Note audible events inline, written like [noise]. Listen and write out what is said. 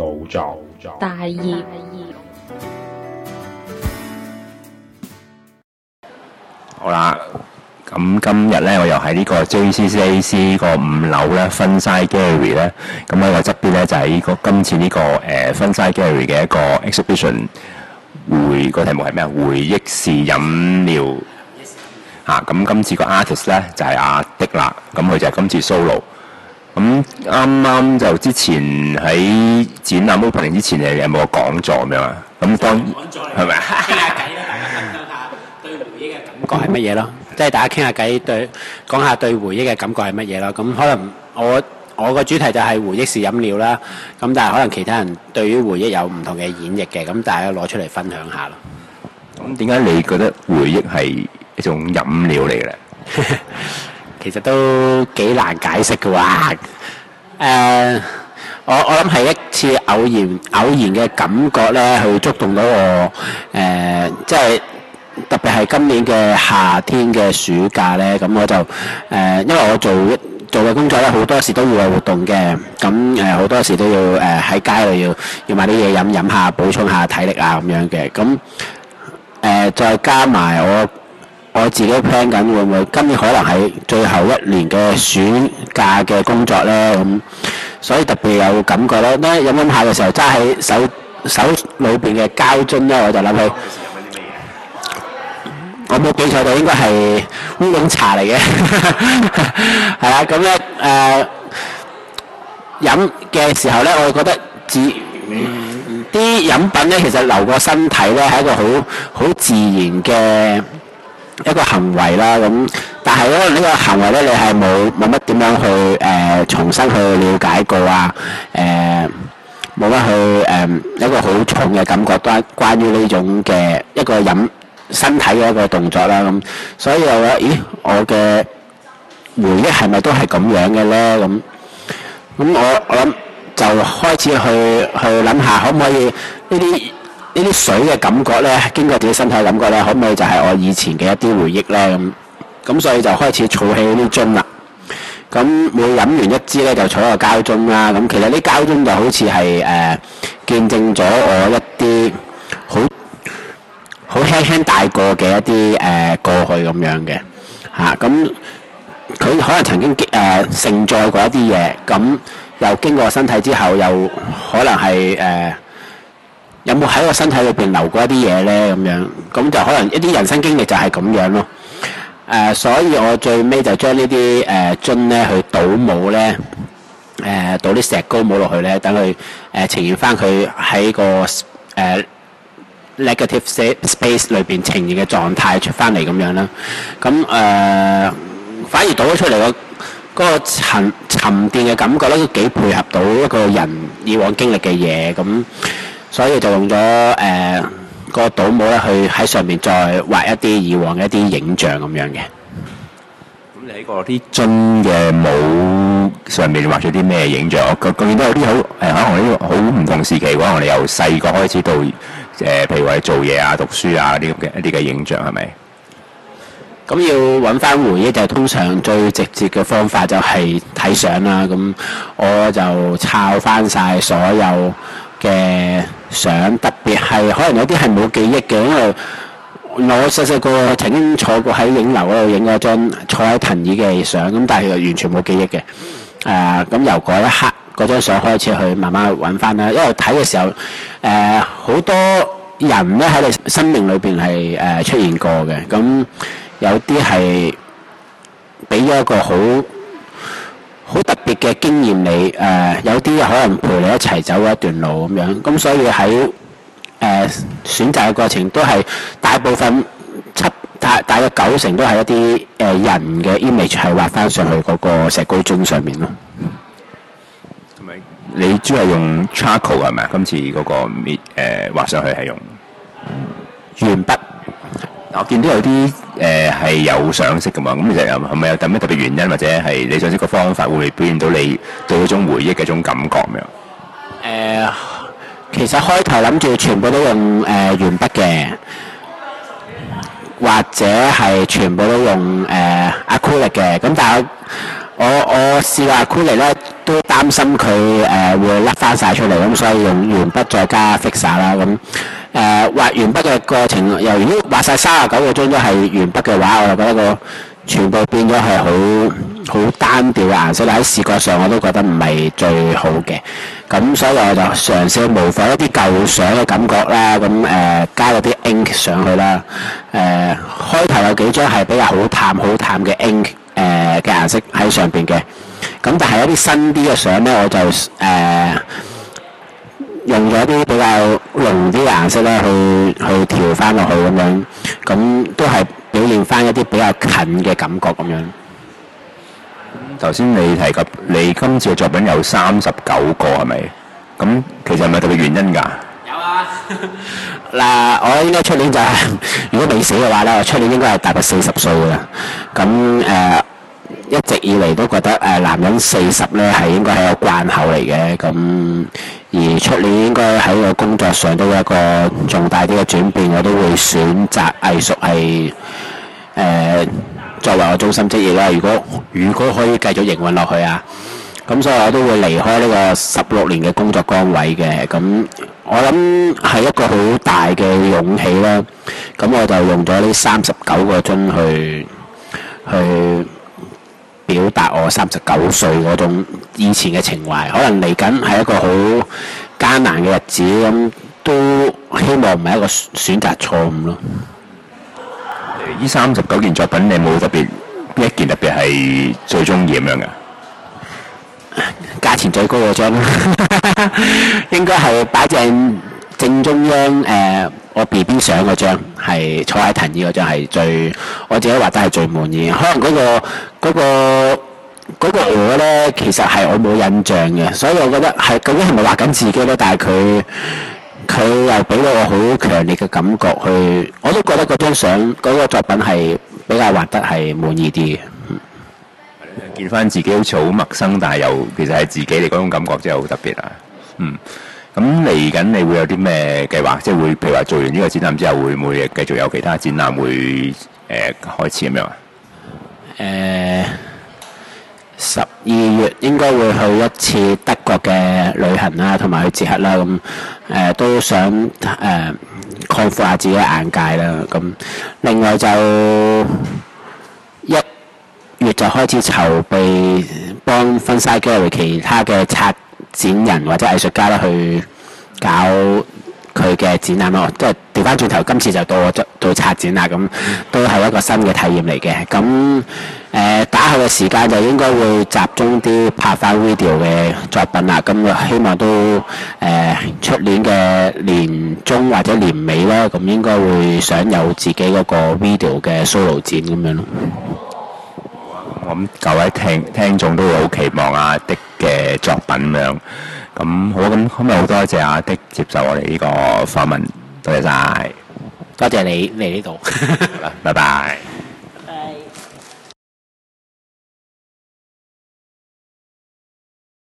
腦作，腦作大業，大業。好啦，咁今日咧，我又喺呢，呢，呢、呢個 JCCAC 個五樓咧 Finsih Gallery 咧，咁喺我側邊咧就喺個今次呢、呢個誒 Finsih Gallery 嘅一個 exhibition，回個題目係咩啊？回憶是飲料。吓、啊，咁今次個 artist 咧就係阿迪啦，咁佢就係今次 solo。咁啱啱就之前喺展覽 opening 之前你有冇講座咁樣啊？咁講講座嚟，係咪啊？講下傾下偈傾下偈 [laughs] 對回憶嘅感覺係乜嘢咯？即係大家傾下偈，對講下對回憶嘅感覺係乜嘢咯？咁可能我我個主題就係回憶是飲料啦。咁但係可能其他人對於回憶有唔同嘅演繹嘅，咁大家攞出嚟分享下咯。咁點解你覺得回憶係一種飲料嚟嘅咧？ [laughs] 其實都幾難解釋嘅話，誒、uh, 我我諗係一次偶然、偶然嘅感覺呢去觸動到我誒，uh, 即係特別係今年嘅夏天嘅暑假呢，咁我就誒，uh, 因為我做做嘅工作呢，好多時都會有活動嘅，咁誒好多時都要誒喺、uh, 街度要要買啲嘢飲飲下，補充下體力啊咁樣嘅，咁誒、uh, 再加埋我。我自己 plan 緊會唔會今年可能係最後一年嘅暑假嘅工作呢？咁，所以特別有感覺囉。呢飲飲下嘅時候揸喺手手裏邊嘅膠樽呢，我就諗起我冇記錯就應該係烏龍茶嚟嘅，係啊，咁呢誒飲嘅時候呢，我覺得自啲飲品呢其實流過身體呢係一個好好自然嘅，一個行為啦，咁但係可能呢個行為咧，你係冇冇乜點樣去誒、呃、重新去了解過啊？誒冇乜去誒、呃、一個好重嘅感覺，關關於呢種嘅一個飲身體嘅一個動作啦，咁所以我覺得咦，我嘅回憶係咪都係咁樣嘅咧？咁咁我我諗就開始去去諗下可唔可以呢啲？呢啲水嘅感覺呢，經過自己身體感覺呢，可唔可以就係我以前嘅一啲回憶呢？咁咁，所以就開始儲起啲樽啦。咁每飲完一支呢，就儲個膠樽啦。咁其實呢膠樽就好似係誒見證咗我一啲好好輕輕大過嘅一啲誒、呃、過去咁樣嘅嚇。咁、啊、佢可能曾經誒盛載過一啲嘢，咁又經過身體之後，又可能係誒。呃有冇喺我身體裏邊留過一啲嘢呢？咁樣咁就可能一啲人生經歷就係咁樣咯。誒，所以我最尾就將呢啲誒樽咧去倒模呢，誒倒啲石膏模落去呢，等佢誒呈現翻佢喺個誒 negative space space 裏邊呈現嘅狀態出翻嚟咁樣啦。咁誒反而倒咗出嚟個嗰沉沉澱嘅感覺咧，都幾配合到一個人以往經歷嘅嘢咁。所以就用咗誒、呃那個倒模咧，去喺上面再畫一啲以往嘅一啲影像咁樣嘅。咁你喺個啲樽嘅模上面畫咗啲咩影像？我佢見到有啲好誒、呃，可能呢個好唔同時期，可能我哋由細個開始到誒，譬、呃、如話做嘢啊、讀書啊嗰啲咁嘅一啲嘅影像係咪？咁要揾翻回，回憶，就係，就通常最直接嘅方法就係睇相啦。咁我就抄翻晒所有嘅相，特別係可能有啲係冇記憶嘅，因為我細細個曾經坐過喺影樓嗰度影過嗰張坐喺藤椅嘅相，咁但係就完全冇記憶嘅。誒、呃，咁由嗰一刻嗰張相開始去慢慢揾翻啦。因為睇嘅時候，誒、呃、好多人咧喺你生命裏邊係誒出現過嘅，咁有啲係俾咗一個好。好特別嘅經驗，你、呃、誒有啲可能陪你一齊走一段路咁樣，咁所以喺誒選擇嘅過程都係大部分七大大約九成都係一啲誒人嘅 image 係畫翻上去嗰個石膏樽上面咯。係咪？ [noise] [noise] 嗯、你主要用 charcoal 係咪？今次嗰個滅畫上去係用鉛筆。 [noise] 我見到有啲誒係有上色嘅嘛，咁其實係咪有特別特別原因，或者係你上色嘅方法會唔會表現到你對嗰種回憶嘅一種感覺咩？誒，其實開頭諗住全部都用誒鉛筆嘅，或者係全部都用誒阿酷力嘅，咁但係我我我試過阿酷力咧。都擔心佢誒會甩翻曬出嚟，咁所以用鉛筆再加 fixer 啦。咁誒畫鉛筆嘅過程，由於畫曬三十九個張都係鉛筆嘅話，我就覺得個全部變咗係好好單調嘅顏色啦。喺視覺上我都覺得唔係最好嘅。咁所以我就嘗試去模仿一啲舊相嘅感覺啦。咁誒加咗啲 ink 上去啦。誒開頭有幾張係比較好淡、好淡嘅 ink 誒嘅顏色喺上邊嘅。咁但係一啲新啲嘅相呢，我就誒、呃、用咗啲比較濃啲嘅顏色咧，去去調翻落去咁樣，咁都係表現翻一啲比較近嘅感覺咁樣。頭先你提及你今次嘅作品有三十九個係咪？咁其實係咪特別原因㗎？有啊。嗱、 [laughs] 呃，我應該出年就係如果未死嘅話呢，我出年應該係大概四十歲啦。咁誒。呃一直以嚟都覺得誒、呃、男人四十呢係應該係一個關口嚟嘅，咁而出年應該喺個工作上都有一個重大啲嘅轉變，我都會選擇藝術係作為我終身職業啦。如果如果可以繼續營運落去啊，咁所以我都會離開呢個十六年嘅工作崗位嘅。咁我諗係一個好大嘅勇氣啦。咁我就用咗呢三十九個樽去去，去表達我三十九歲嗰種以前嘅情懷，可能嚟緊係一個好艱難嘅日子，咁都希望唔係一個選擇錯誤咯。呢三十九件作品，你冇特別邊一件特別係最中意咁樣嘅？價錢最高嗰張啦，應該係擺正正中央誒，我 BB 相嗰張。係坐喺藤椅嗰張係最，我自己畫得係最滿意。可能嗰個嗰個嗰個畫咧，其實係我冇印象嘅，所以我覺得係究竟係咪畫緊自己咧？但係佢佢又俾到我好強烈嘅感覺，去我都覺得嗰張相嗰個作品係比較畫得係滿意啲。嗯，見翻自己好似好陌生，但係又其實係自己嚟嗰種感覺，真係好特別啦。嗯。咁嚟緊你會有啲咩計劃？即係會譬如話做完呢個展覽之後，會唔會繼續有其他展覽會誒、呃、開始咁樣啊？誒、呃，十二月應該會去一次德國嘅旅行啦，同埋去捷克啦。咁、嗯、誒、呃、都想誒擴闊下自己眼界啦。咁、嗯、另外就一月就開始籌備幫 f i n s 其他嘅策展人或者藝術家啦，去搞佢嘅展覽囉，即係調翻轉頭，今次就到我做策展啦，咁都係一個新嘅體驗嚟嘅。咁誒、呃、打後嘅時間就應該會集中啲拍翻 video 嘅作品啦。咁、啊、希望都誒出、呃、年嘅年中或者年尾啦，咁應該會想有自己嗰個 video 嘅 solo 展咁樣咯。咁各位聽聽眾都會好期望啊嘅作品咁樣，咁好！咁今日好多謝阿的接受我哋呢個訪問，多謝晒！多謝 [laughs] 你嚟呢度，拜 [laughs] 拜吧。Bye bye.